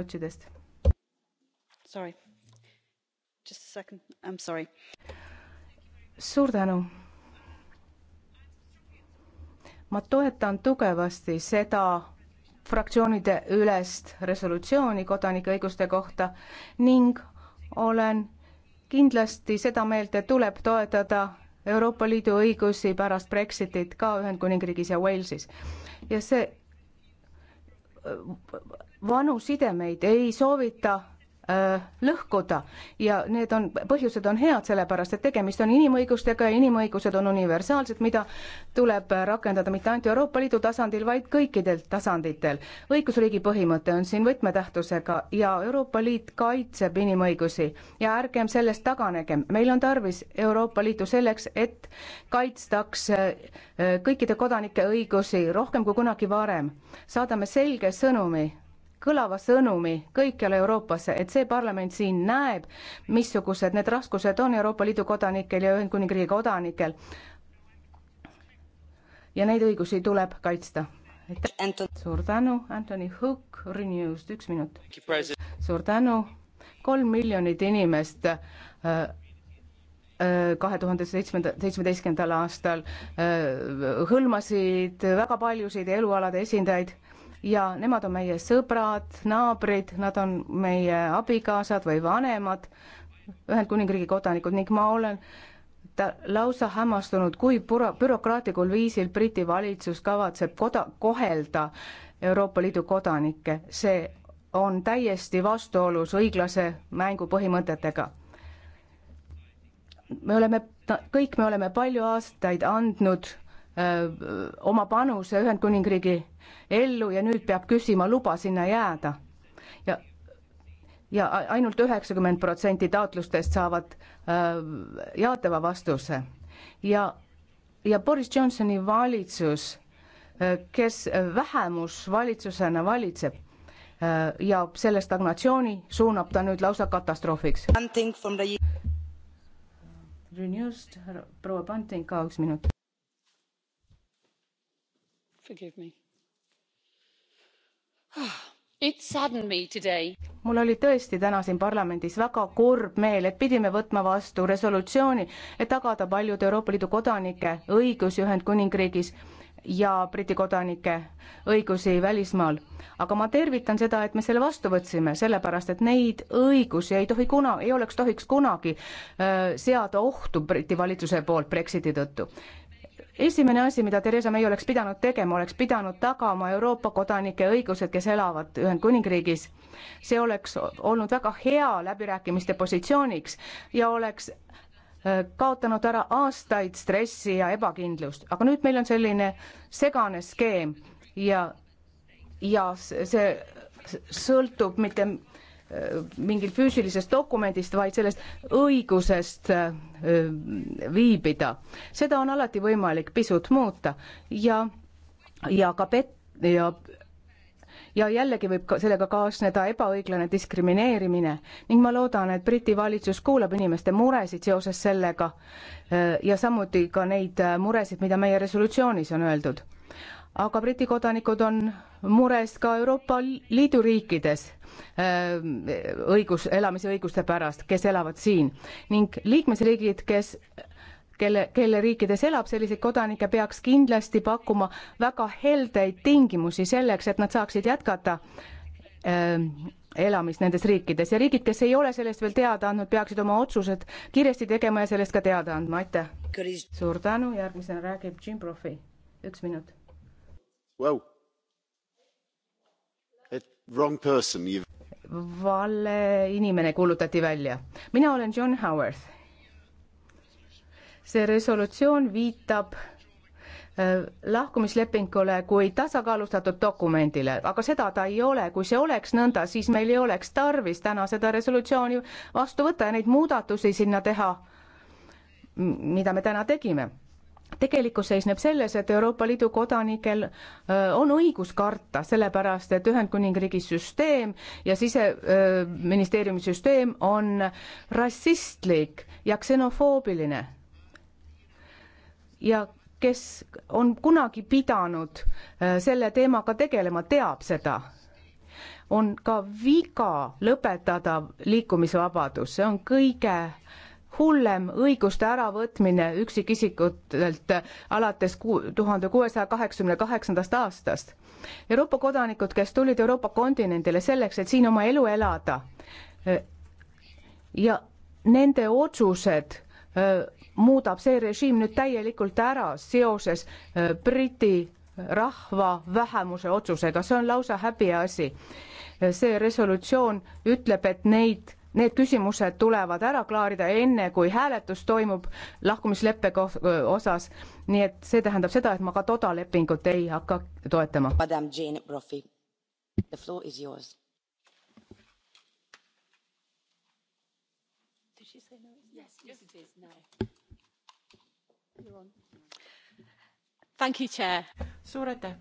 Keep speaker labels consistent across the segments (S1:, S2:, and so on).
S1: sotsidest.
S2: Sorry, just a second, I am sorry.
S1: suur tänu. ma toetan tugevasti seda fraktsioonide ülest resolutsiooni kodanikeõiguste kohta ning olen kindlasti seda meelt, et tuleb toetada Euroopa Liidu õigusi pärast Brexitit ka Ühendkuningriigis ja Walesis. ja see vanu sidemeid ei soovita äh, lõhkuda ja need on, põhjused on head, sellepärast et tegemist on inimõigustega ja inimõigused on universaalsed, mida tuleb rakendada mitte ainult Euroopa Liidu tasandil, vaid kõikidel tasanditel. õigusriigi põhimõte on siin võtmetähtsusega ja Euroopa Liit kaitseb inimõigusi ja ärgem sellest taganegem, meil on tarvis Euroopa Liitu selleks, et kaitstaks äh, kõikide kodanike õigusi rohkem kui kunagi varem. saadame selge sõnumi kõlava sõnumi kõikjal Euroopasse, et see parlament siin näeb, missugused need raskused on Euroopa Liidu kodanikel ja Ühendkuningriigi kodanikel. ja neid õigusi tuleb kaitsta. suur tänu, Anthony Hook, Renewst, üks minut. suur tänu, kolm miljonit inimest äh, äh, kahe tuhande seitsmenda, seitsmeteistkümnendal aastal äh, hõlmasid väga paljusid elualade esindajaid ja nemad on meie sõbrad, naabrid, nad on meie abikaasad või vanemad, Ühendkuningriigi kodanikud ning ma olen ta lausa hämmastunud, kui pura-, bürokraatlikul viisil Briti valitsus kavatseb koda-, kohelda Euroopa Liidu kodanikke, see on täiesti vastuolus õiglase mängu põhimõtetega. me oleme, kõik me oleme palju aastaid andnud oma panuse Ühendkuningriigi ellu ja nüüd peab küsima luba sinna jääda. ja, ja ainult üheksakümmend protsenti taotlustest saavad öö, jaatava vastuse. ja, ja Boris Johnsoni valitsus, kes vähemusvalitsusena valitseb, ja selle stagnatsiooni suunab ta nüüd lausa katastroofiks. Renewst, proua Panting ka üks minut
S2: forgive me. It saddened me
S1: today mul oli tõesti täna siin parlamendis väga kurb meel, et pidime võtma vastu resolutsiooni, et tagada paljude Euroopa Liidu kodanike õigusi Ühendkuningriigis ja Briti kodanike õigusi välismaal. aga ma tervitan seda, et me selle vastu võtsime, sellepärast et neid õigusi ei tohi kuna, ei oleks tohiks kunagi öö, äh, seada ohtu Briti valitsuse poolt Brexiti tõttu esimene asi, mida Theresa May oleks pidanud tegema, oleks pidanud tagama Euroopa kodanike õigused, kes elavad Ühendkuningriigis. see oleks olnud väga hea läbirääkimiste positsiooniks ja oleks äh, kaotanud ära aastaid stressi ja ebakindlust, aga nüüd meil on selline segane skeem ja, ja see sõltub mitte Äh, mingil füüsilisest dokumendist, vaid sellest õigusest äh, viibida. seda on alati võimalik pisut muuta ja, ja ka pet- ja ja jällegi võib ka sellega kaasneda ebaõiglane diskrimineerimine ning ma loodan, et Briti valitsus kuulab inimeste muresid seoses sellega äh, ja samuti ka neid muresid, mida meie resolutsioonis on öeldud aga Briti kodanikud on mures ka Euroopa Liidu riikides äh, õigus, elamisõiguste pärast, kes elavad siin ning liikmesriigid, kes kelle, kelle riikides elab selliseid kodanikke, peaks kindlasti pakkuma väga heldeid tingimusi selleks, et nad saaksid jätkata öö, äh, elamist nendes riikides ja riigid, kes ei ole sellest veel teada andnud, peaksid oma otsused kiiresti tegema ja sellest ka teada andma, aitäh. suur tänu, järgmisena räägib Jim Profi, üks minut
S2: wow.. Eh,
S1: vale inimene kuulutati välja. mina olen John Howard. see resolutsioon viitab eh, lahkumislepingule kui tasakaalustatud dokumendile, aga seda ta ei ole, kui see oleks nõnda, siis meil ei oleks tarvis täna seda resolutsiooni vastu võtta ja neid muudatusi sinna teha, mida me täna tegime tegelikkus seisneb selles, et Euroopa Liidu kodanikel on õigus karta, sellepärast et Ühendkuningriigi süsteem ja siseministeeriumi süsteem on rassistlik ja ksenofoobiline. ja kes on kunagi pidanud selle teemaga tegelema, teab seda on ka viga lõpetada liikumisvabadus, see on kõige äh, hullem õiguste äravõtmine üksikisikutelt alates tuhande kuuesaja kaheksakümne kaheksandast aastast. Euroopa kodanikud, kes tulid Euroopa kontinendile selleks, et siin oma elu elada ja nende otsused muudab see režiim nüüd täielikult ära seoses Briti rahva vähemuse otsusega, see on lausa häbiasi. see resolutsioon ütleb, et neid Need küsimused tulevad ära klaarida enne, kui hääletus toimub lahkumisleppe osas. nii et see tähendab seda, et ma ka toda lepingut ei hakka toetama.
S2: The floor is yours. Did she say no? Yes, yes, it is now. You're on.
S3: Thank you, Chair. suur aitäh!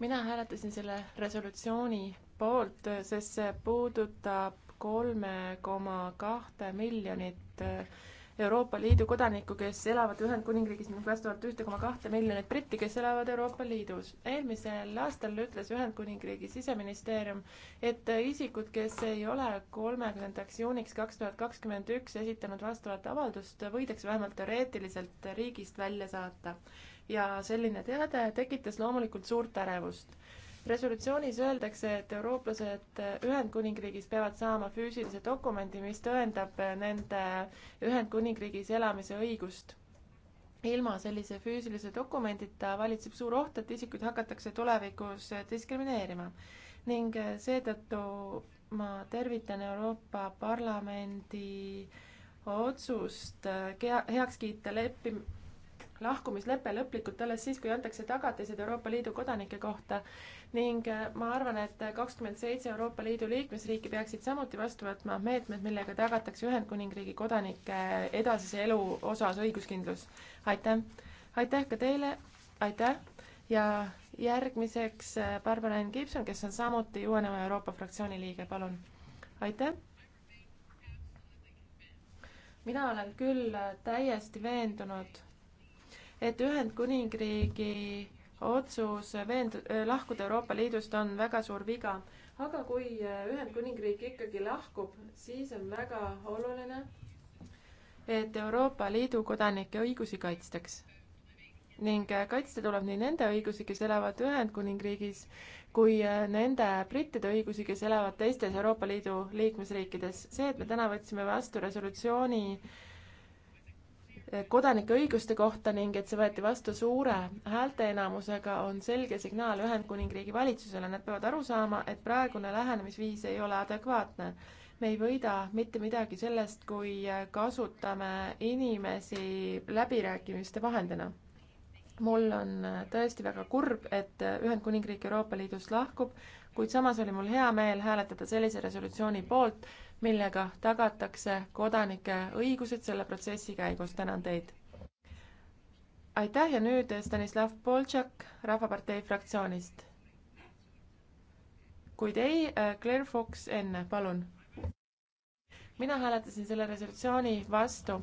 S3: mina hääletasin selle resolutsiooni poolt, sest see puudutab kolme koma kahte miljonit äh, Euroopa Liidu kodanikku, kes elavad Ühendkuningriigis ning vastavalt ühte koma kahte miljonit britti, kes elavad Euroopa Liidus. eelmisel aastal ütles Ühendkuningriigi siseministeerium, et isikud, kes ei ole kolmekümnendaks juuniks kaks tuhat kakskümmend üks esitanud vastavat avaldust, võidakse vähemalt teoreetiliselt riigist välja saata. ja selline teade tekitas loomulikult suurt ärevust resolutsioonis öeldakse, et eurooplased Ühendkuningriigis peavad saama füüsilise dokumendi, mis tõendab nende Ühendkuningriigis elamise õigust. ilma sellise füüsilise dokumendita valitseb suur oht, et isikuid hakatakse tulevikus diskrimineerima ning seetõttu ma tervitan Euroopa Parlamendi otsust heaks kiita leppi-, lahkumislepe lõplikult alles siis, kui antakse tagatised Euroopa Liidu kodanike kohta ning äh, ma arvan, et kakskümmend seitse Euroopa Liidu liikmesriiki peaksid samuti vastu võtma meetmed, millega tagatakse Ühendkuningriigi kodanike äh, edasise elu osas õiguskindlus. aitäh, aitäh ka teile, aitäh ja järgmiseks äh, Barbara Ann Gibson, kes on samuti UNM Euroopa fraktsiooni liige, palun. aitäh mina olen küll täiesti veendunud et Ühendkuningriigi otsus veend-, lahkuda Euroopa Liidust on väga suur viga. aga kui Ühendkuningriik ikkagi lahkub, siis on väga oluline, et Euroopa Liidu kodanike õigusi kaitstaks. ning kaitsta tuleb nii nende õigusi, kes elavad Ühendkuningriigis, kui nende brittide õigusi, kes elavad teistes Euroopa Liidu liikmesriikides. see, et me täna võtsime vastu resolutsiooni äh, kodanike õiguste kohta ning et see võeti vastu suure häälteenamusega, on selge signaal Ühendkuningriigi valitsusele, nad peavad aru saama, et praegune lähenemisviis ei ole adekvaatne. me ei võida mitte midagi sellest, kui kasutame inimesi läbirääkimiste vahendina. mul on tõesti väga kurb, et Ühendkuningriik Euroopa Liidust lahkub, kuid samas oli mul hea meel hääletada sellise resolutsiooni poolt, millega tagatakse kodanike õigused selle protsessi käigus. tänan teid! aitäh ja nüüd Stanislav Poltšak Rahvapartei fraktsioonist. kuid ei, äh, Claire Fox enne, palun mina hääletasin selle resolutsiooni vastu,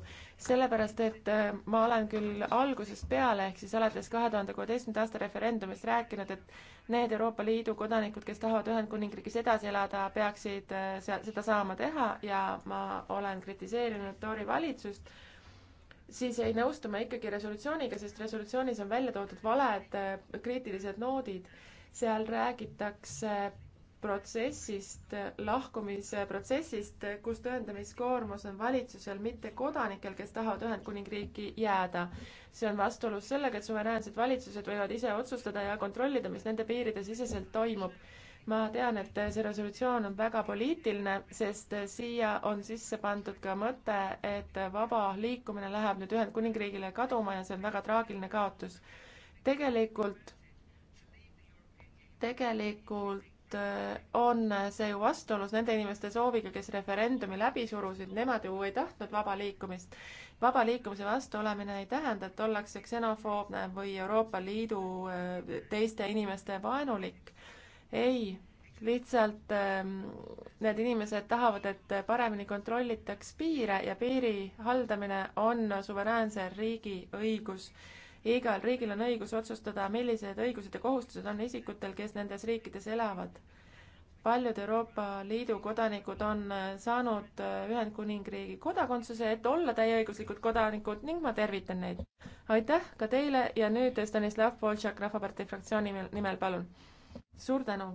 S3: sellepärast et äh, ma olen küll algusest peale, ehk siis alates kahe tuhande kuueteistkümnenda aasta referendumist rääkinud, et need Euroopa Liidu kodanikud, kes tahavad Ühendkuningriigis edasi elada, peaksid äh, seal seda saama teha ja ma olen kritiseerinud Tory valitsust, siis ei nõustu ma ikkagi resolutsiooniga, sest resolutsioonis on välja toodud valed äh, kriitilised noodid seal räägitakse protsessist, lahkumise protsessist, kus tõendamiskoormus on valitsusel, mitte kodanikel, kes tahavad Ühendkuningriiki jääda. see on vastuolus sellega, et suveräänsed valitsused võivad ise otsustada ja kontrollida, mis nende piiride siseselt toimub. ma tean, et see resolutsioon on väga poliitiline, sest siia on sisse pandud ka mõte, et vaba liikumine läheb nüüd Ühendkuningriigile kaduma ja see on väga traagiline kaotus. tegelikult, tegelikult Äh, on see ju vastuolus nende inimeste sooviga, kes referendumi läbi surusid, nemad ju ei tahtnud vaba liikumist. vaba liikumise vastu olemine ei tähenda, et ollakse ksenofoobne või Euroopa Liidu äh, teiste inimeste vaenulik. ei, lihtsalt ähm, need inimesed tahavad, et paremini kontrollitaks piire ja piiri haldamine on suveräänse riigi õigus igal riigil on õigus otsustada, millised õigused ja kohustused on isikutel, kes nendes riikides elavad. paljud Euroopa Liidu kodanikud on äh, saanud äh, Ühendkuningriigi kodakondsuse, et olla täieõiguslikud kodanikud ning ma tervitan neid. aitäh ka teile ja nüüd Stanislav Boltšak Rahvapartei fraktsiooni nimel, palun. suur tänu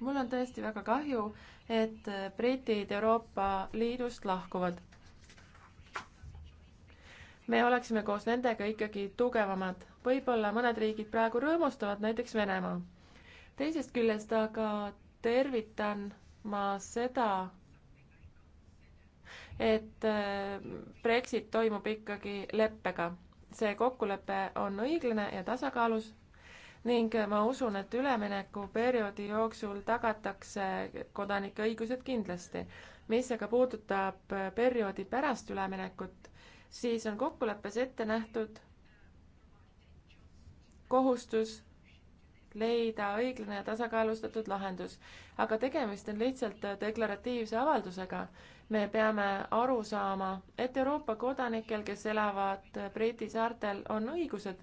S3: mul on tõesti väga kahju, et äh, britid Euroopa Liidust lahkuvad me oleksime koos nendega ikkagi tugevamad. võib-olla mõned riigid praegu rõõmustavad, näiteks Venemaa. teisest küljest aga tervitan ma seda, et äh, Brexit toimub ikkagi leppega. see kokkulepe on õiglane ja tasakaalus ning ma usun, et üleminekuperioodi jooksul tagatakse kodanike õigused kindlasti. mis aga puudutab perioodi pärast üleminekut, siis on kokkuleppes ette nähtud kohustus leida õiglane ja tasakaalustatud lahendus. aga tegemist on lihtsalt deklaratiivse avaldusega. me peame aru saama, et Euroopa kodanikel, kes elavad Briti saartel, on õigused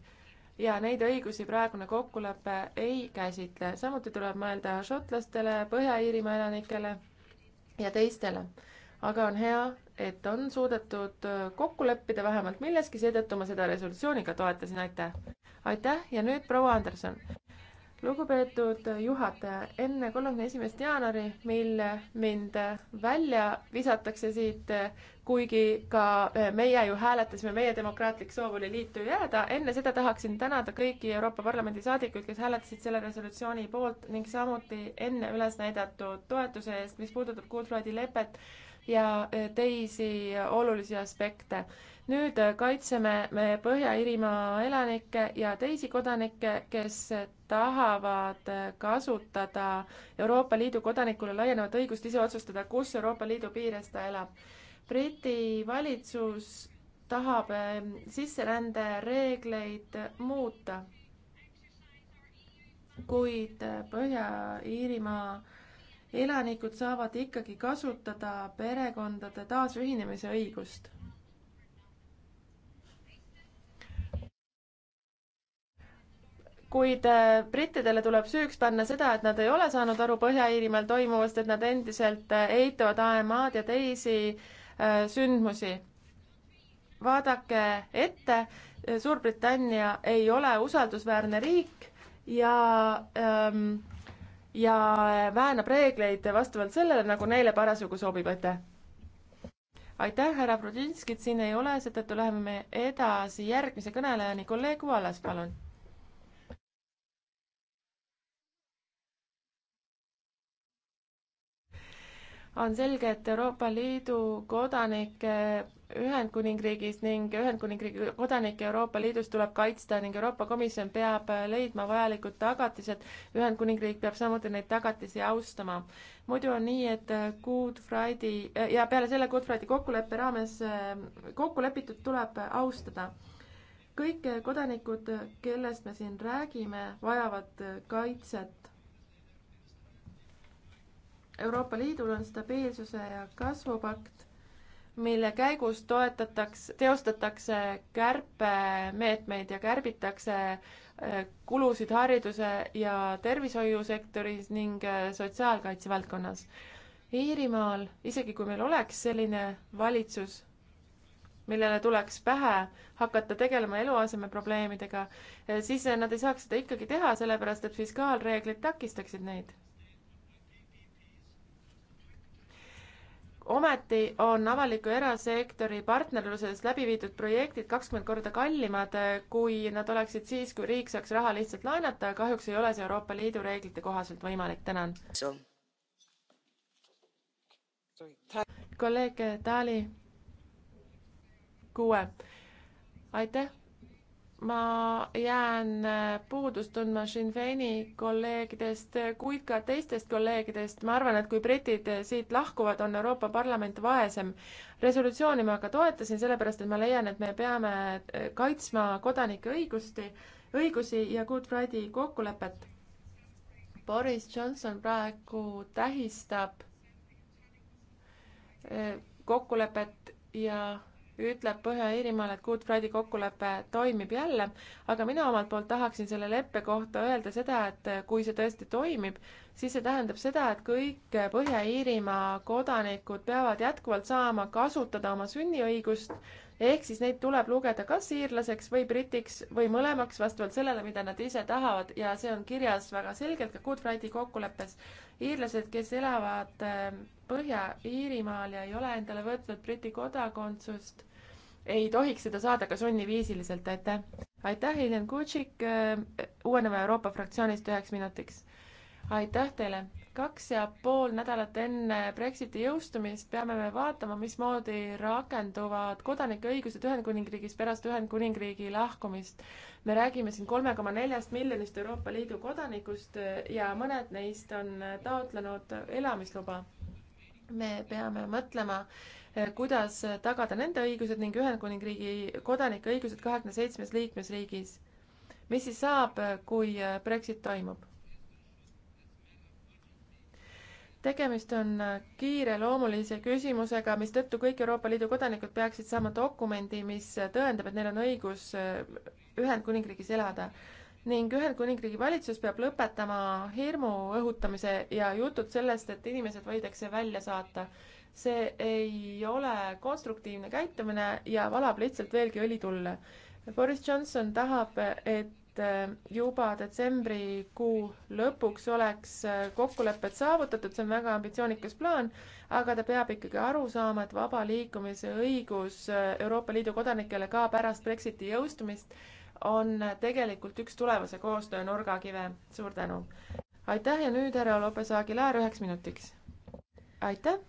S3: ja neid õigusi praegune kokkulepe ei käsitle. samuti tuleb mõelda šotlastele, Põhja-Iirimaa elanikele ja teistele aga on hea, et on suudetud äh, kokku leppida vähemalt milleski, seetõttu ma seda resolutsiooni ka toetasin, aitäh. aitäh ja nüüd proua Anderson. lugupeetud juhataja, enne kolmekümne esimest jaanuari, mil mind välja visatakse siit, kuigi ka äh, meie ju hääletasime, meie demokraatlik soov oli liitu jääda, enne seda tahaksin tänada kõiki Euroopa Parlamendi saadikuid, kes hääletasid selle resolutsiooni poolt ning samuti enne üles näidatud toetuse eest, mis puudutab Good Friday lepet ja eh, teisi eh, olulisi aspekte. nüüd eh, kaitseme me Põhja-Iirimaa elanikke ja teisi kodanikke, kes tahavad kasutada Euroopa Liidu kodanikule laienevat õigust ise otsustada, kus Euroopa Liidu piires ta elab. Briti valitsus tahab sisserände reegleid muuta, kuid Põhja-Iirimaa elanikud saavad ikkagi kasutada perekondade taasühinemise õigust. kuid äh, brittidele tuleb süüks panna seda, et nad ei ole saanud aru Põhja-Iirimaal toimuvast, et nad endiselt äh, eitavad AMA-d ja teisi äh, sündmusi. vaadake ette, Suurbritannia ei ole usaldusväärne riik ja ähm, ja väänab reegleid vastavalt sellele, nagu neile parasjagu sobib, aitäh! aitäh, härra Brudinskit siin ei ole, seetõttu läheme me edasi järgmise kõnelejani, kolleeg Vallas, palun. on selge, et Euroopa Liidu kodanike Ühendkuningriigis ning Ühendkuningriigi kodanikke Euroopa Liidus tuleb kaitsta ning Euroopa Komisjon peab leidma vajalikud tagatised. Ühendkuningriik peab samuti neid tagatisi austama. muidu on nii, et Good Friday ja peale selle Good Friday kokkuleppe raames eh, kokkulepitut tuleb austada. kõik kodanikud, kellest me siin räägime, vajavad kaitset. Euroopa Liidul on stabiilsuse ja kasvupakt mille käigus toetataks, teostatakse kärpemeetmeid ja kärbitakse äh, kulusid hariduse ja tervishoiusektoris ning äh, sotsiaalkaitse valdkonnas. Iirimaal, isegi kui meil oleks selline valitsus, millele tuleks pähe hakata tegelema eluasemeprobleemidega, äh, siis nad ei saaks seda ikkagi teha, sellepärast et fiskaalreeglid takistaksid neid ometi on avaliku erasektori partnerluses läbi viidud projektid kakskümmend korda kallimad, kui nad oleksid siis, kui riik saaks raha lihtsalt laenata. kahjuks ei ole see Euroopa Liidu reeglite kohaselt võimalik. tänan. kolleeg Taali. kuue. aitäh ma jään äh, puudust tundma Sinn Feini kolleegidest, kuid ka teistest kolleegidest. ma arvan, et kui britid äh, siit lahkuvad, on Euroopa Parlament vaesem. resolutsiooni ma ka toetasin, sellepärast et ma leian, et me peame äh, kaitsma kodanike õigusti, õigusi ja Good Friday kokkulepet. Boris Johnson praegu tähistab kokkulepet ja ütleb Põhja-Iirimaal, et Good Friday kokkulepe toimib jälle, aga mina omalt poolt tahaksin selle leppe kohta öelda seda, et kui see tõesti toimib, siis see tähendab seda, et kõik Põhja-Iirimaa kodanikud peavad jätkuvalt saama kasutada oma sünniõigust ehk siis neid tuleb lugeda kas iirlaseks või britiks või mõlemaks vastavalt sellele, mida nad ise tahavad ja see on kirjas väga selgelt ka Good Friday kokkuleppes. iirlased, kes elavad ähm, Põhja-Iirimaal ja ei ole endale võtnud Briti kodakondsust, ei tohiks seda saada ka sunniviisiliselt, aitäh. aitäh, Helen Kutšik, äh, Uueneva Euroopa fraktsioonist üheks minutiks. aitäh teile kaks ja pool nädalat enne Brexiti jõustumist peame me vaatama, mismoodi rakenduvad kodanikeõigused Ühendkuningriigis pärast Ühendkuningriigi lahkumist. me räägime siin kolme koma neljast miljonist Euroopa Liidu kodanikust ja mõned neist on taotlenud elamisluba. me peame mõtlema, kuidas tagada nende õigused ning Ühendkuningriigi kodanike õigused kahekümne seitsmes liikmesriigis. mis siis saab, kui Brexit toimub? tegemist on kiireloomulise küsimusega, mistõttu kõik Euroopa Liidu kodanikud peaksid saama dokumendi, mis tõendab, et neil on õigus äh, Ühendkuningriigis elada. ning Ühendkuningriigi valitsus peab lõpetama hirmu õhutamise ja jutud sellest, et inimesed võidakse välja saata. see ei ole konstruktiivne käitumine ja valab lihtsalt veelgi õli tulle. Boris Johnson tahab, et et äh, juba detsembrikuu lõpuks oleks äh, kokkulepped saavutatud, see on väga ambitsioonikas plaan, aga ta peab ikkagi aru saama, et vaba liikumise õigus äh, Euroopa Liidu kodanikele ka pärast Brexiti jõustumist on tegelikult üks tulevase koostöö nurgakive. suur tänu! aitäh ja nüüd härra Lopes Aguilar üheks minutiks. aitäh!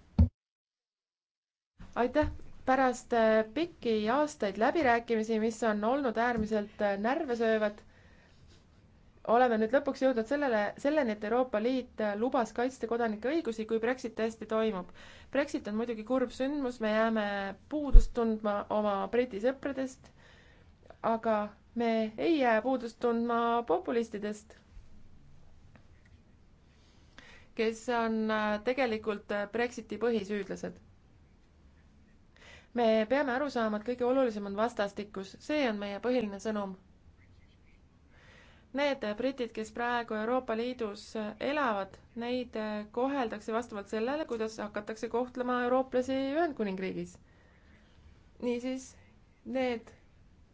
S3: aitäh! pärast pikki aastaid läbirääkimisi, mis on olnud äärmiselt närvesöövad, oleme nüüd lõpuks jõudnud sellele, selleni, et Euroopa Liit lubas kaitsta kodanike õigusi, kui Brexit tõesti toimub. Brexit on muidugi kurb sündmus, me jääme puudust tundma oma Briti sõpradest, aga me ei jää puudust tundma populistidest, kes on äh, tegelikult äh, Brexiti põhisüüdlased me peame aru saama, et kõige olulisem on vastastikus, see on meie põhiline sõnum Need britid, kes praegu Euroopa Liidus elavad, neid koheldakse vastavalt sellele, kuidas hakatakse kohtlema eurooplasi Ühendkuningriigis. niisiis, need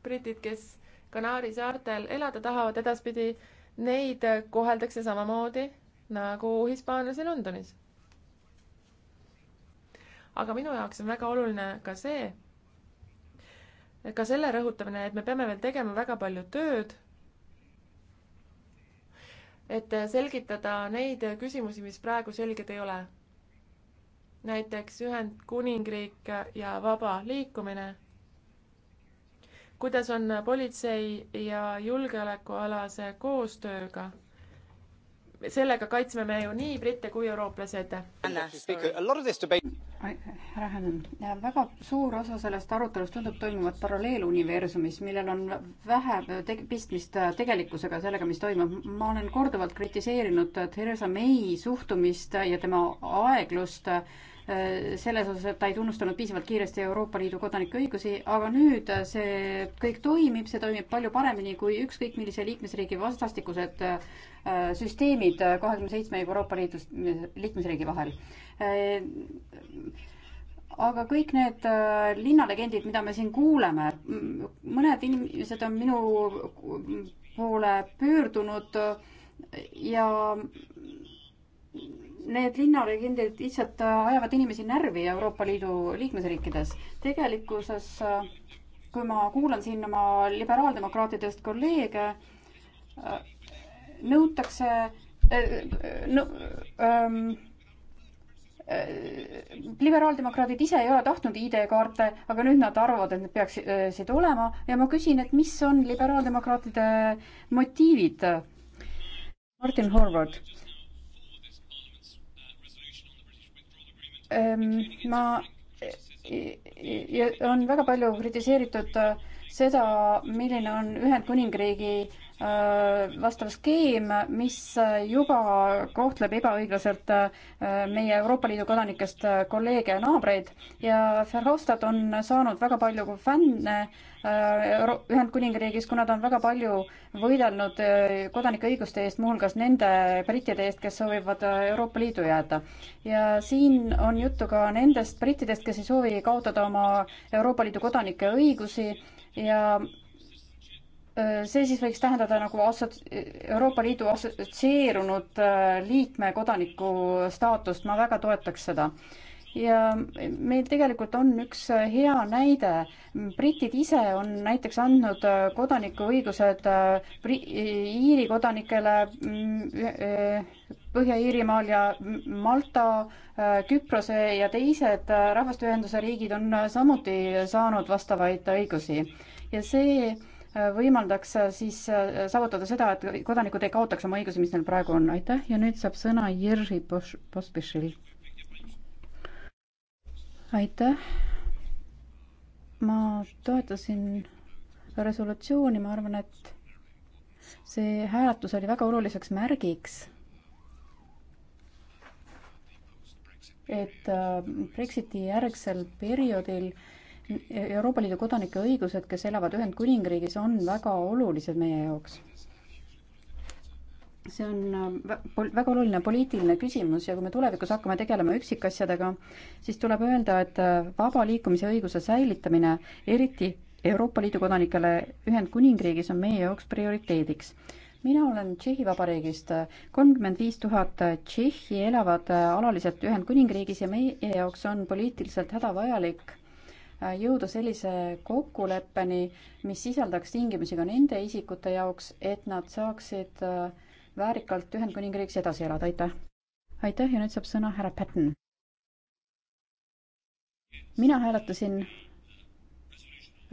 S3: britid, kes Kanaari saartel elada tahavad edaspidi, neid koheldakse samamoodi nagu hispaanlasi Londonis. aga minu jaoks on väga oluline ka see, ka selle rõhutamine, et me peame veel tegema väga palju tööd et selgitada neid küsimusi, mis praegu selged ei ole. näiteks Ühendkuningriik ja vaba liikumine. kuidas on politsei ja julgeolekualase koostööga? sellega kaitseme me ju nii britte kui eurooplasi, aitäh! härra Hänen, väga
S2: suur osa sellest arutelust tundub toimuvat paralleeluniversumis, millel on vähe teg-, pistmist tegelikkusega, sellega, mis toimub. ma olen korduvalt kritiseerinud Theresa May suhtumist ja tema aeglust äh, selles osas, et ta ei tunnustanud piisavalt kiiresti Euroopa Liidu kodanike õigusi, aga nüüd see kõik toimib, see toimib palju paremini kui ükskõik millise liikmesriigi vastastikused äh, Äh, süsteemid äh, kahekümne seitsme Euroopa Liidu liikmesriigi vahel. Äh, aga kõik need linnalegendid, mida me siin kuuleme, mõned inimesed on minu poole pöördunud ja need linnalegendid lihtsalt ajavad inimesi närvi Euroopa Liidu liikmesriikides. tegelikkuses, kui ma kuulan siin oma liberaaldemokraatidest kolleege, nõutakse äh, no, ähm, äh, liberaaldemokraadid ise ei ole tahtnud ID-kaarte, aga nüüd nad arvavad, et need peaksid äh, olema ja ma küsin, et mis on liberaaldemokraatide motiivid? Martin Horvath. Ähm, ma, on väga palju kritiseeritud seda, milline on Ühendkuningriigi Äh, vastav skeem, mis äh, juba kohtleb ebaõiglaselt äh, meie Euroopa Liidu kodanikest kolleege ja naabreid ja Verhofstadt on saanud väga palju fänne Ühendkuningriigis, kuna ta on väga palju võidelnud kodanike õiguste eest, muuhulgas nende brittide eest, kes soovivad Euroopa Liidu jääda. ja siin on juttu ka nendest brittidest, kes ei soovi kaotada oma Euroopa Liidu kodanike õigusi ja see siis võiks tähendada nagu assot-, Euroopa Liidu assotsieerunud liikme kodaniku staatust, ma väga toetaks seda. ja meil tegelikult on üks hea näide, britid ise on näiteks andnud kodanikuõigused Bri-, Iiri kodanikele mm, Põhja-Iirimaal ja Malta, Küprose ja teised rahvasteühenduse riigid on samuti saanud vastavaid õigusi ja see võimaldaks äh, siis äh, saavutada seda, et kodanikud ei kaotaks oma õigusi, mis neil praegu on. aitäh ja nüüd saab sõna Jiri Pospišil. aitäh. ma toetasin resolutsiooni, ma arvan, et see hääletus oli väga oluliseks märgiks et äh, Brexiti järgsel perioodil Euroopa Liidu kodanike õigused, kes elavad Ühendkuningriigis, on väga olulised meie jaoks. see on äh, väga oluline poliitiline küsimus ja kui me tulevikus hakkame tegelema üksikasjadega, siis tuleb öelda, et äh, vaba liikumise õiguse säilitamine, eriti Euroopa Liidu kodanikele Ühendkuningriigis, on meie jaoks prioriteediks mina olen Tšehhi Vabariigist, kolmkümmend viis tuhat Tšehhi elavad äh, alaliselt Ühendkuningriigis ja meie jaoks on poliitiliselt hädavajalik jõuda sellise kokkuleppeni, mis sisaldaks tingimusi ka nende isikute jaoks, et nad saaksid äh, väärikalt Ühendkuningriigis edasi elada, aitäh! aitäh ja nüüd saab sõna härra Patten. mina hääletasin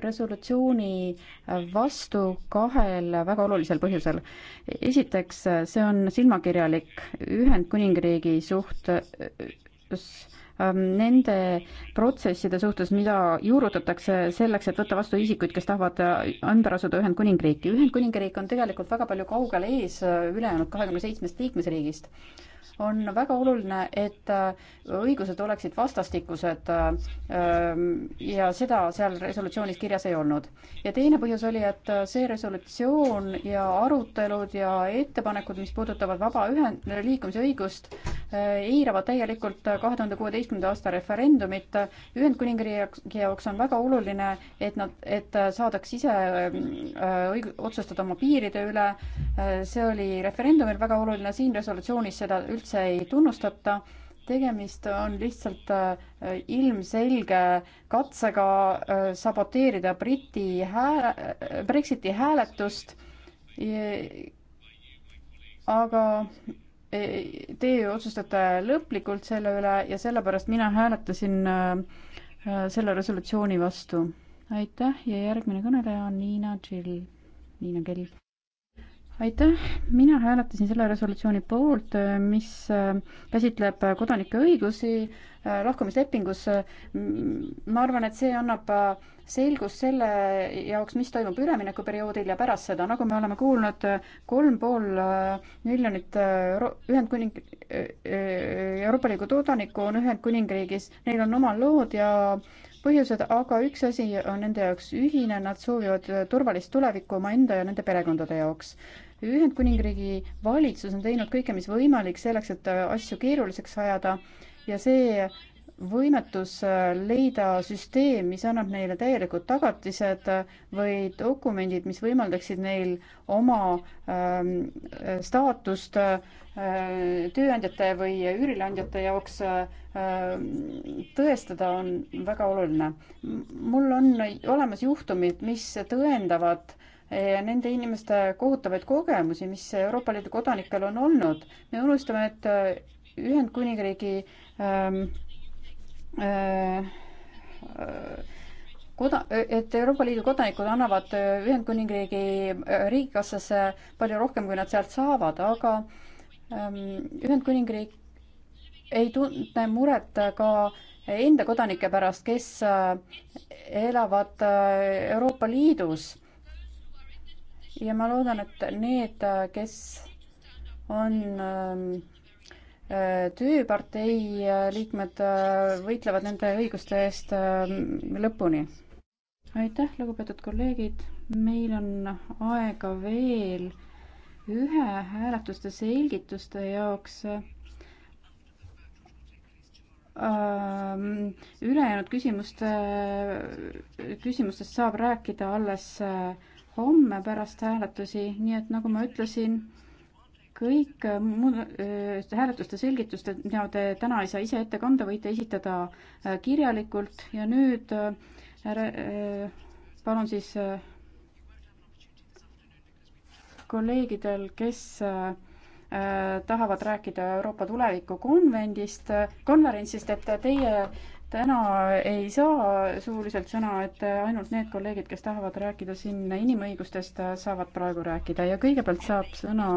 S2: resolutsiooni vastu kahel väga olulisel põhjusel. esiteks, see on silmakirjalik Ühendkuningriigi suht-, Ähm, nende protsesside suhtes, mida juurutatakse selleks, et võtta vastu isikuid, kes tahavad äh, ümber asuda Ühendkuningriiki. Ühendkuningriik on tegelikult väga palju kaugel ees äh, ülejäänud kahekümne seitsmest liikmesriigist on väga oluline, et äh, õigused oleksid vastastikused ähm, ja seda seal resolutsioonis kirjas ei olnud. ja teine põhjus oli, et äh, see resolutsioon ja arutelud ja ettepanekud, mis puudutavad vaba ühend-, liikumisõigust, äh, eiravad täielikult kahe tuhande kuueteistkümnenda aasta referendumit. Ühendkuningriigi jaoks on väga oluline, et nad, et saadaks ise ähm, õig-, otsustada oma piiride üle see oli referendumil väga oluline, siin resolutsioonis seda üldse ei tunnustata. tegemist on lihtsalt äh, ilmselge katsega äh, saboteerida Briti hääle, äh, Brexiti hääletust. aga e, teie otsustate lõplikult selle üle ja sellepärast mina hääletasin selle resolutsiooni vastu. aitäh ja järgmine kõneleja on Niina Chill, Niina Kell aitäh, mina hääletasin selle resolutsiooni poolt, mis äh, käsitleb kodanike õigusi äh, lahkumislepingus. ma arvan, et see annab äh, selgust selle jaoks, mis toimub üleminekuperioodil ja pärast seda, nagu me oleme kuulnud, kolm pool miljonit Euro-, Ühendkuning-, Euroopa Liidu kodanikku on Ühendkuningriigis, neil on oma lood ja äh, põhjused, aga üks asi on nende jaoks ühine, nad soovivad turvalist tulevikku omaenda ja nende perekondade jaoks. Ühendkuningriigi valitsus on teinud kõike, mis võimalik selleks, et asju keeruliseks ajada ja see võimetus äh, leida süsteem, mis annab neile täielikud tagatised või dokumendid, mis võimaldaksid neil oma ähm, staatust äh, tööandjate või üürileandjate jaoks äh, tõestada, on väga oluline. mul on olemas juhtumid, mis tõendavad äh, nende inimeste kohutavaid kogemusi, mis Euroopa Liidu kodanikel on olnud. me unustame, et äh, Ühendkuningriigi ähm, Äh, äh, koda-, et Euroopa Liidu kodanikud annavad äh, Ühendkuningriigi riigikassasse palju rohkem, kui nad sealt saavad, aga ähm, Ühendkuningriik ei tunne muret ka enda kodanike pärast, kes elavad Euroopa Liidus. ja ma loodan, et need, kes on ähm, tööpartei äh, liikmed äh, võitlevad nende õiguste eest äh, lõpuni. aitäh, lugupeetud kolleegid, meil on aega veel ühe hääletuste selgituste jaoks ähm, ülejäänud küsimuste, küsimustest saab rääkida alles homme pärast hääletusi, nii et nagu ma ütlesin, kõik äh, äh, hääletuste selgitused, mida te täna ei saa ise ette kanda, võite esitada äh, kirjalikult ja nüüd palun siis kolleegidel, kes tahavad rääkida Euroopa tuleviku konvendist, konverentsist, et teie täna ei saa suuliselt sõna, et ainult need kolleegid, kes tahavad rääkida siin inimõigustest, saavad praegu rääkida ja kõigepealt saab sõna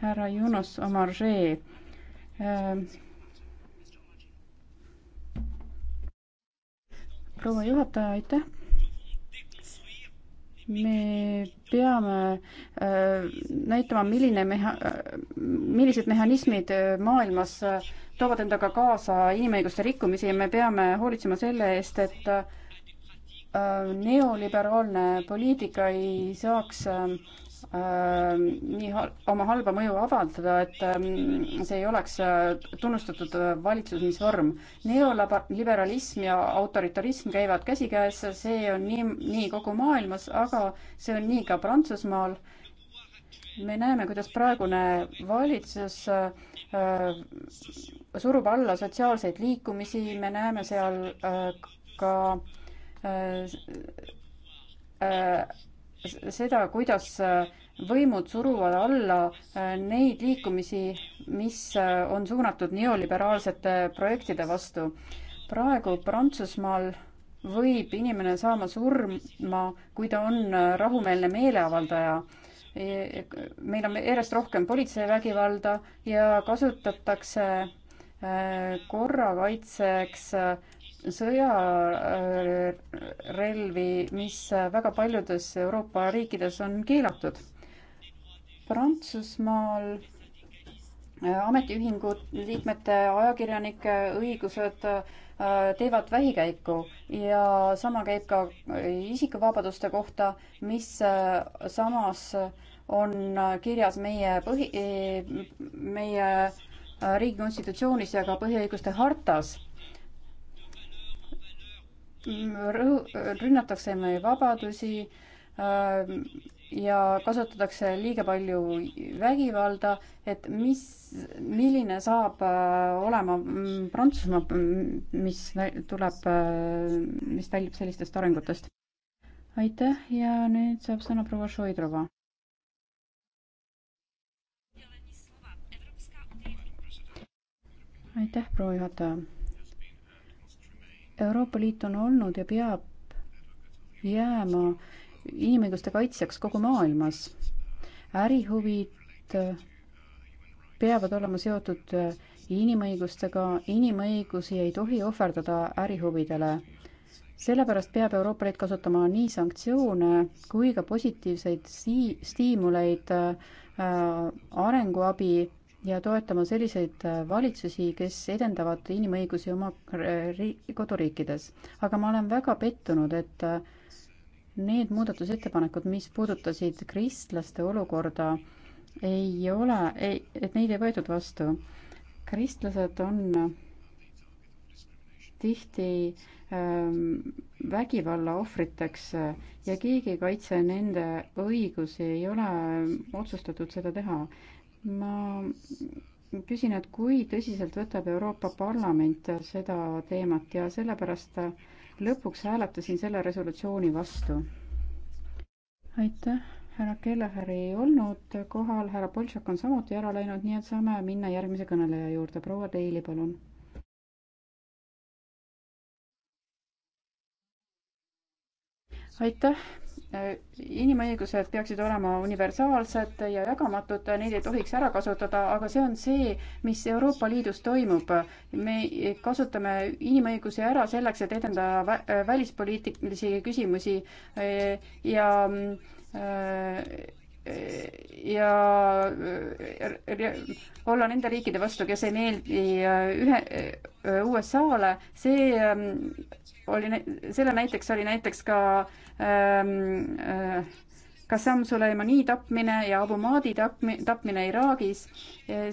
S2: härra Jonas Omarjee ähm, proua juhataja, aitäh. me peame äh, näitama, milline meha-, millised mehhanismid äh, maailmas äh, toovad endaga kaasa inimõiguste rikkumisi ja me peame hoolitsema selle eest, et äh, neoliberaalne poliitika ei saaks äh, Äh, nii hal-, oma halba mõju avaldada, et ähm, see ei oleks äh, tunnustatud äh, valitsusmisvorm. neoliberalism ja autoritarism käivad käsikäes, see on nii, nii kogu maailmas, aga see on nii ka Prantsusmaal. me näeme, kuidas praegune valitsus äh, surub alla sotsiaalseid liikumisi, me näeme seal äh, ka äh, seda, kuidas äh, võimud suruvad alla äh, neid liikumisi, mis äh, on suunatud neoliberaalsete projektide vastu. praegu Prantsusmaal võib inimene saama surma, kui ta on rahumeelne meeleavaldaja. E, e, meil on järjest rohkem politseivägivalda ja kasutatakse korrakaitseks sõjarelvi, mis väga paljudes Euroopa riikides on keelatud. Prantsusmaal äh, ametiühingu liikmete, ajakirjanike õigused äh, teevad vähikäiku ja sama käib ka äh, isikuvabaduste kohta, mis samas on kirjas meie põhi, meie riigi konstitutsioonis ja ka põhiõiguste hartas rõhu-, rünnatakse meie vabadusi ähm, ja kasutatakse liiga palju vägivalda, et mis, milline saab äh, olema mm, Prantsusmaa, mm, mis tuleb, äh, mis väljub sellistest arengutest? aitäh ja nüüd saab sõna proua Šoidrova. aitäh, proua juhataja Euroopa Liit on olnud ja peab jääma inimõiguste kaitsjaks kogu maailmas. ärihuvid äh, peavad olema seotud äh, inimõigustega, inimõigusi ei tohi ohverdada ärihuvidele. sellepärast peab Euroopa Liit kasutama nii sanktsioone kui ka positiivseid sii-, stiimuleid äh, äh arenguabi ja toetama selliseid äh, valitsusi, kes edendavad inimõigusi oma koduriikides. aga ma olen väga pettunud, et äh, need muudatusettepanekud, mis puudutasid kristlaste olukorda, ei ole, ei, et neid ei võetud vastu. kristlased on äh, tihti ähm, vägivalla ohvriteks ja keegi ei kaitse nende õigusi, ei ole otsustatud seda teha ma küsin, et kui tõsiselt võtab Euroopa Parlament seda teemat ja sellepärast lõpuks hääletasin selle resolutsiooni vastu. aitäh, härra Kelleher ei olnud kohal, härra Boltšak on samuti ära läinud, nii et saame minna järgmise kõneleja juurde, proua Teili, palun. aitäh, inimõigused peaksid olema universaalsed ja jagamatud, neid ei tohiks ära kasutada, aga see on see, mis Euroopa Liidus toimub. me kasutame inimõigusi ära selleks, et edendada välispoliitilisi küsimusi eh, ja eh, ja olla nende riikide vastu, kes ei meeldi äh, ühe, äh, USA-le, see ähm, oli, selle näiteks oli näiteks ka ähm, äh, Kassam Suleimani tapmine ja Abu Maadi tapmi-, tapmine Iraagis,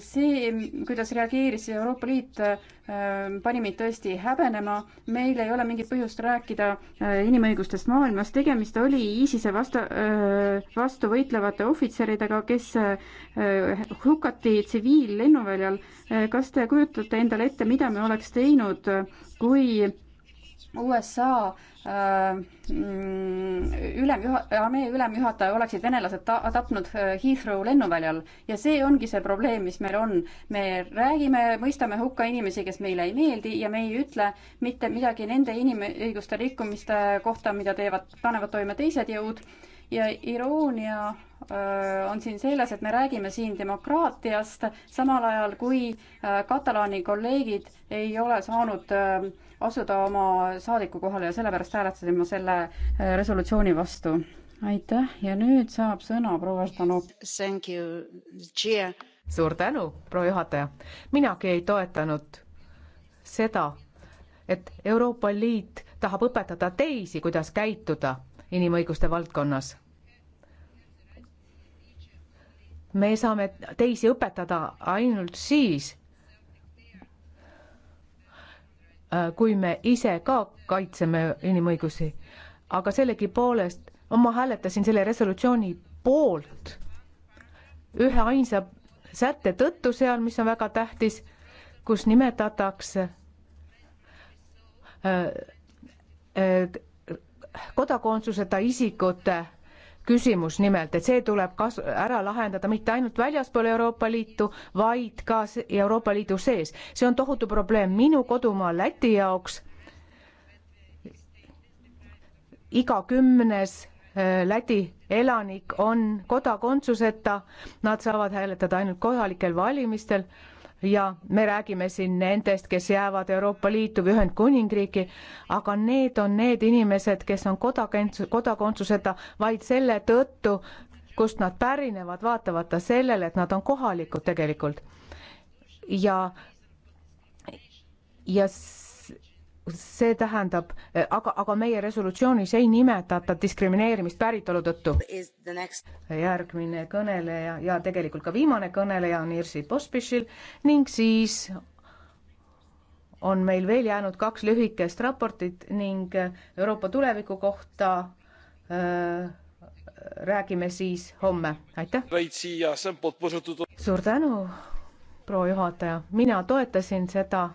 S2: see, kuidas reageeris Euroopa Liit, ähm, pani meid tõesti häbenema, meil ei ole mingit põhjust rääkida äh, inimõigustest maailmas, tegemist oli ISISe vastu, äh, vastu võitlevate ohvitseridega, kes äh, hukati tsiviillennuväljal. kas te kujutate endale ette, mida me oleks teinud, kui USA äh, ülemjuha-, armee ülemjuhataja oleksid venelased ta-, tapnud äh, Heathrow lennuväljal ja see ongi see probleem, mis meil on. me räägime, mõistame hukka inimesi, kes meile ei meeldi ja me ei ütle mitte midagi nende inimõiguste rikkumiste kohta, mida teevad, panevad toime teised jõud ja iroonia Äh, on siin selles, et me räägime siin demokraatiast, samal ajal kui äh, Katalaani kolleegid ei ole saanud äh, asuda oma saadiku kohale ja sellepärast hääletasin ma selle resolutsiooni vastu. aitäh ja nüüd saab sõna proua Ždanov.
S1: suur tänu, proua juhataja. minagi ei toetanud seda, et Euroopa Liit tahab õpetada teisi, kuidas käituda inimõiguste valdkonnas me saame teisi õpetada ainult siis, äh, kui me ise ka kaitseme inimõigusi. aga sellegipoolest ma hääletasin selle resolutsiooni poolt ühe ainsa sätte tõttu seal, mis on väga tähtis, kus nimetatakse äh, äh, kodakondsuseta isikute küsimus nimelt, et see tuleb kas-, ära lahendada mitte ainult väljaspool Euroopa Liitu, vaid ka Euroopa Liidu sees. see on tohutu probleem minu kodumaa Läti jaoks. iga kümnes äh, Läti elanik on kodakondsuseta, nad saavad hääletada ainult kohalikel valimistel ja me räägime siin nendest, kes jäävad Euroopa Liitu või Ühendkuningriiki, aga need on need inimesed, kes on kodakondsus, kodakondsuseta vaid selle tõttu, kust nad pärinevad, vaatamata sellele, et nad on kohalikud tegelikult. ja, ja see tähendab, eh, aga, aga meie resolutsioonis ei nimetata diskrimineerimist päritolu tõttu. järgmine kõneleja ja tegelikult ka viimane kõneleja on Irsi Pospišil ning siis on meil veel jäänud kaks lühikest raportit ning Euroopa tuleviku kohta äh, räägime siis homme,
S3: aitäh. suur
S1: tänu, proua juhataja, mina toetasin seda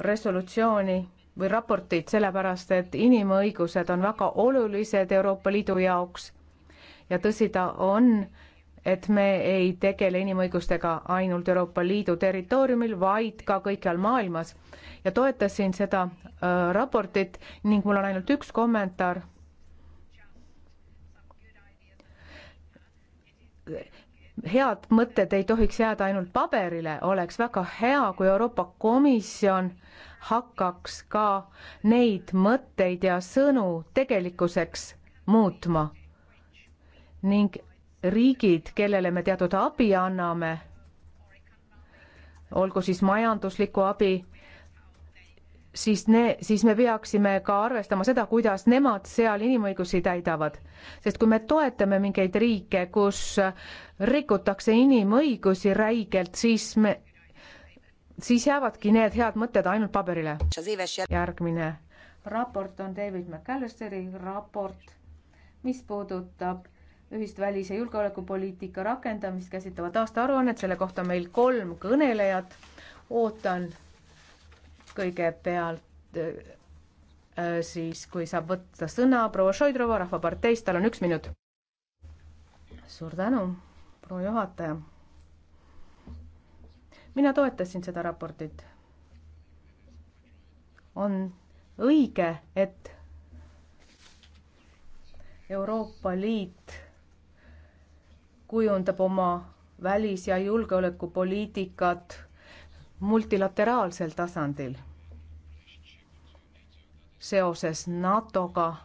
S1: resolutsiooni või raportit, sellepärast et inimõigused on väga olulised Euroopa Liidu jaoks ja tõsi ta on, et me ei tegele inimõigustega ainult Euroopa Liidu territooriumil, vaid ka kõikjal maailmas. ja toetasin seda äh, raportit ning mul on ainult üks kommentaar head mõtted ei tohiks jääda ainult paberile, oleks väga hea, kui Euroopa Komisjon hakkaks ka neid mõtteid ja sõnu tegelikkuseks muutma. ning riigid, kellele me teatud abi anname, olgu siis majanduslikku abi siis ne, siis me peaksime ka arvestama seda, kuidas nemad seal inimõigusi täidavad. sest kui me toetame mingeid riike, kus rikutakse inimõigusi räigelt, siis me, siis jäävadki need head mõtted ainult paberile. järgmine raport on David McAllisteri raport, mis puudutab ühist välis- ja julgeolekupoliitika rakendamist käsitlevat aastaaruannet, selle kohta on meil kolm kõnelejat. ootan kõigepealt äh, siis, kui saab võtta sõna proua Šoidrova Rahvaparteist, tal on üks minut. suur tänu, proua juhataja. mina toetasin seda raportit. on õige, et Euroopa Liit kujundab oma välis- ja julgeolekupoliitikat multilateraalsel tasandil seoses NATO-ga.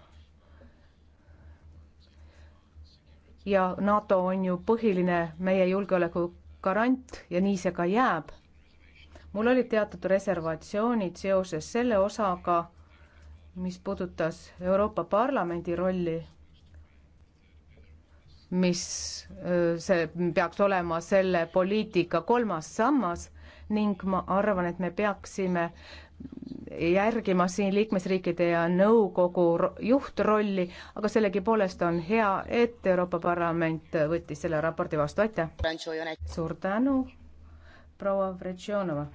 S1: ja NATO on ju põhiline meie julgeoleku garant ja nii see ka jääb. mul olid teatud reservatsioonid seoses selle osaga, mis puudutas Euroopa Parlamendi rolli, mis see peaks olema selle poliitika kolmas sammas ning ma arvan, et me peaksime järgima siin liikmesriikide ja nõukogu juhtrolli, aga sellegipoolest on hea, et Euroopa Parlament võttis selle raporti vastu, aitäh! suur tänu, proua Vretšonova!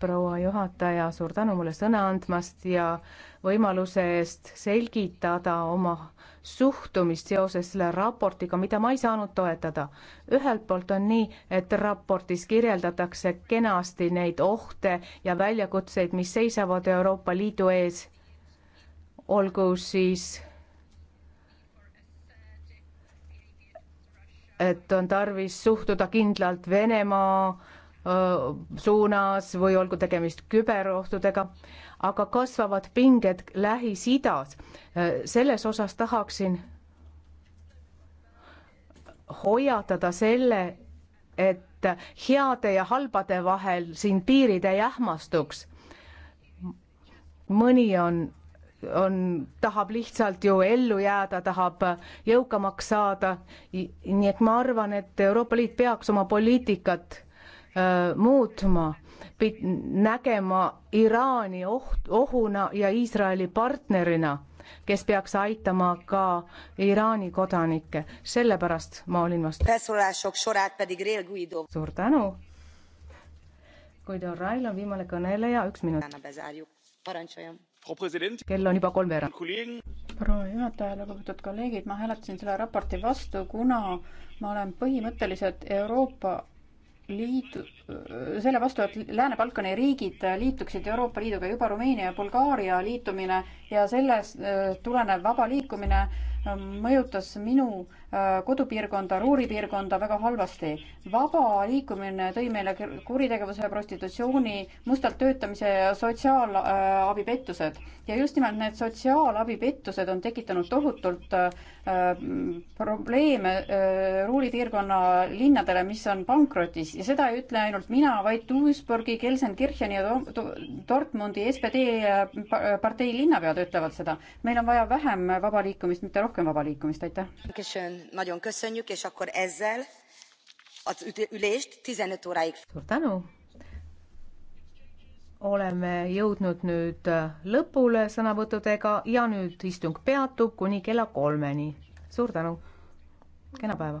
S1: proua juhataja, suur tänu mulle sõna andmast ja võimaluse eest selgitada oma suhtumist seoses selle raportiga, mida ma ei saanud toetada. ühelt poolt on nii, et raportis kirjeldatakse kenasti neid ohte ja väljakutseid, mis seisavad Euroopa Liidu ees, olgu siis et on tarvis suhtuda kindlalt Venemaa suunas või olgu tegemist küberohtudega aga kasvavad pinged Lähis-Idas, selles osas tahaksin hoiatada selle, et heade ja halbade vahel siin piirid ei ähmastuks. mõni on, on, tahab lihtsalt ju ellu jääda, tahab jõukamaks saada. nii et ma arvan, et Euroopa Liit peaks oma poliitikat Äh, muutma, nägema Iraani oht, ohuna ja Iisraeli partnerina, kes peaks aitama ka Iraani kodanikke. sellepärast ma olin vastu. suur tänu. Guido Rail on viimane kõneleja, üks minut. kell on juba kolm veerand. proua juhataja, lugupeetud kolleegid, ma hääletasin selle
S2: raporti vastu, kuna ma olen põhimõtteliselt Euroopa liidu, selle vastu, et Lääne-Balkani riigid liituksid Euroopa Liiduga, juba Rumeenia ja Bulgaaria liitumine ja sellest äh, tulenev vaba liikumine äh, mõjutas minu Äh, kodupiirkonda, ruuripiirkonda väga halvasti. vaba liikumine tõi meile kuritegevuse, prostitutsiooni, mustalt töötamise ja sotsiaalabipettused ja just nimelt need sotsiaalabipettused on tekitanud tohutult äh, probleeme äh, ruuripiirkonna linnadele, mis on pankrotis ja seda ei ütle ainult mina, vaid Duisburgi, Gelsenkircheni ja Dortmundi SPD partei linnapead ütlevad seda. meil on vaja vähem vaba liikumist, mitte rohkem vaba liikumist, aitäh
S1: nagyon köszönjük, és akkor ezzel az ülést 15 óráig. suur tänu. oleme jõudnud nüüd äh, lõpule sõnavõttudega ja nüüd istung peatub kuni kella kolmeni. suur tänu. kena päeva.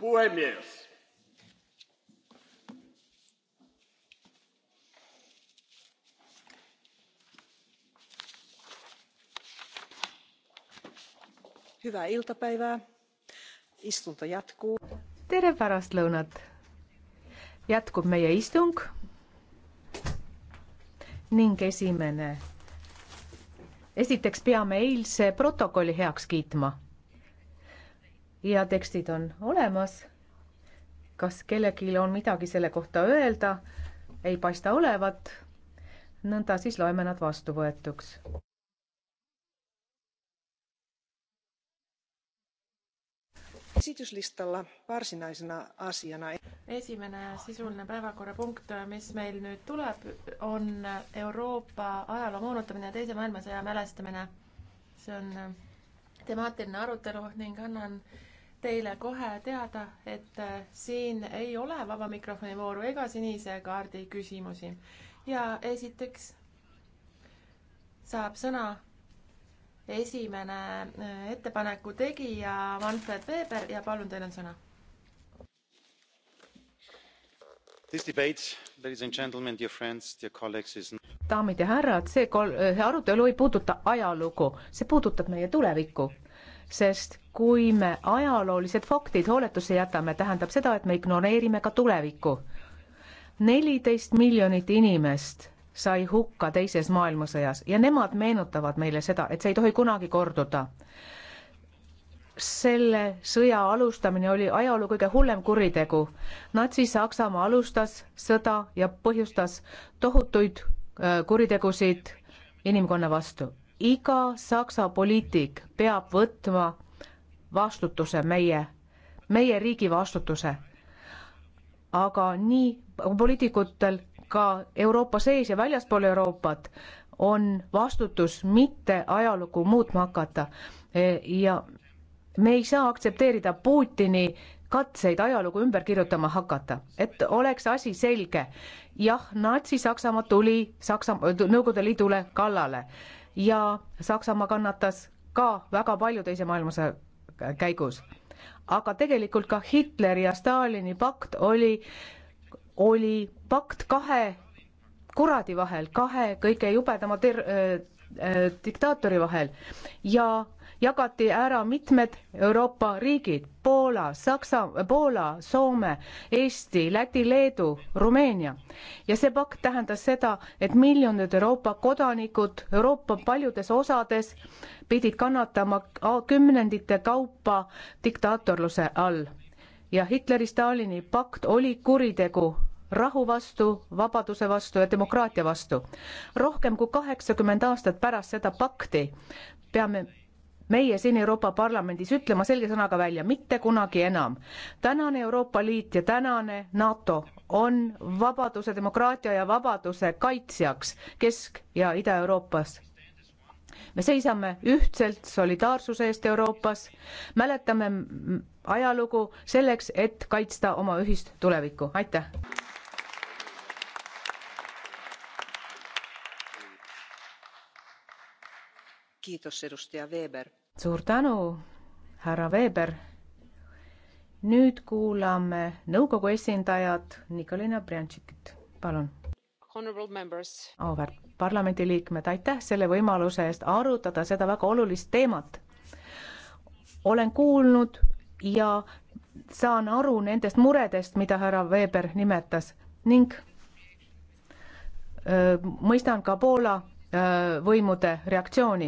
S3: puhemies
S1: hyvää iltapäivää istunto jatkuu tere pärastlõunat jätkub meie istung ning esimene esiteks peame eilse protokolli heaks kiitma ja tekstid on olemas. kas kellelgi on midagi selle kohta öelda? ei paista olevat. nõnda siis loeme nad vastuvõetuks.
S3: esityslistalla varsinaisena asiana. esimene sisuline päevakorrapunkt, mis meil nüüd tuleb, on Euroopa ajaloo moonutamine ja Teise maailmasõja mälestamine. see on temaatiline arutelu ning annan teile kohe teada, et äh, siin ei ole vaba mikrofoni vooru ega sinise kaardi küsimusi. ja esiteks saab sõna esimene äh, ettepaneku tegija Manfred Weber ja palun, teil on sõna.
S2: This debate, ladies and gentlemen, dear friends, dear colleagues is
S1: daamid ja härrad, see kol-, see äh, arutelu ei puuduta ajalugu, see puudutab meie tulevikku sest kui me ajaloolised faktid hooletusse jätame, tähendab seda, et me ignoreerime ka tulevikku. neliteist miljonit inimest sai hukka Teises maailmasõjas ja nemad meenutavad meile seda, et see ei tohi kunagi korduda. selle sõja alustamine oli ajaloo kõige hullem kuritegu. Natsi-Saksamaa alustas sõda ja põhjustas tohutuid äh, kuritegusid inimkonna vastu iga Saksa poliitik peab võtma vastutuse meie, meie riigi vastutuse. aga nii poliitikutel ka Euroopa sees ja väljaspool Euroopat on vastutus mitte ajalugu muutma hakata. E, ja me ei saa aktsepteerida Putini katseid ajalugu ümber kirjutama hakata, et oleks asi selge. jah, Natsi-Saksamaa tuli Saksa, Nõukogude Liidule kallale ja Saksamaa kannatas ka väga palju Teise maailmasõja käigus. aga tegelikult ka Hitleri ja Stalini pakt oli, oli pakt kahe kuradi vahel, kahe kõige jubedama ter-, Äh, diktaatori vahel ja jagati ära mitmed Euroopa riigid, Poola, Saksa, Poola, Soome, Eesti, Läti, Leedu, Rumeenia. ja see pakt tähendas seda, et miljonid Euroopa kodanikud Euroopa paljudes osades pidid kannatama kümnendite kaupa diktaatorluse all. ja Hitleri-Stalini pakt oli kuritegu rahu vastu, vabaduse vastu ja demokraatia vastu. rohkem kui kaheksakümmend aastat pärast seda pakti peame meie siin Euroopa Parlamendis ütlema selge sõnaga välja, mitte kunagi enam. tänane Euroopa Liit ja tänane NATO on vabaduse, demokraatia ja vabaduse kaitsjaks Kesk- ja Ida-Euroopas me seisame ühtselt solidaarsuse eest Euroopas, mäletame ajalugu selleks, et kaitsta oma ühist tulevikku, aitäh! suur tänu, härra Weber. nüüd kuulame nõukogu esindajat Nikolina Brjantšikit, palun. auväärt parlamendiliikmed, aitäh selle võimaluse eest arutada seda väga olulist teemat. olen kuulnud ja saan aru nendest muredest, mida härra Weber nimetas ning öö, mõistan ka Poola Äh, võimude reaktsiooni.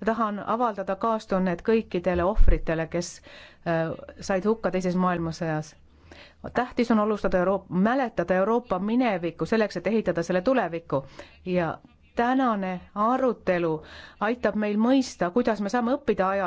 S1: ja tahan avaldada kaastunnet kõikidele ohvritele, kes äh, said hukka Teises maailmasõjas. tähtis on alustada Euroopa, mäletada Euroopa minevikku selleks, et ehitada selle tulevikku ja tänane arutelu aitab meil mõista, kuidas me saame õppida ajaloost.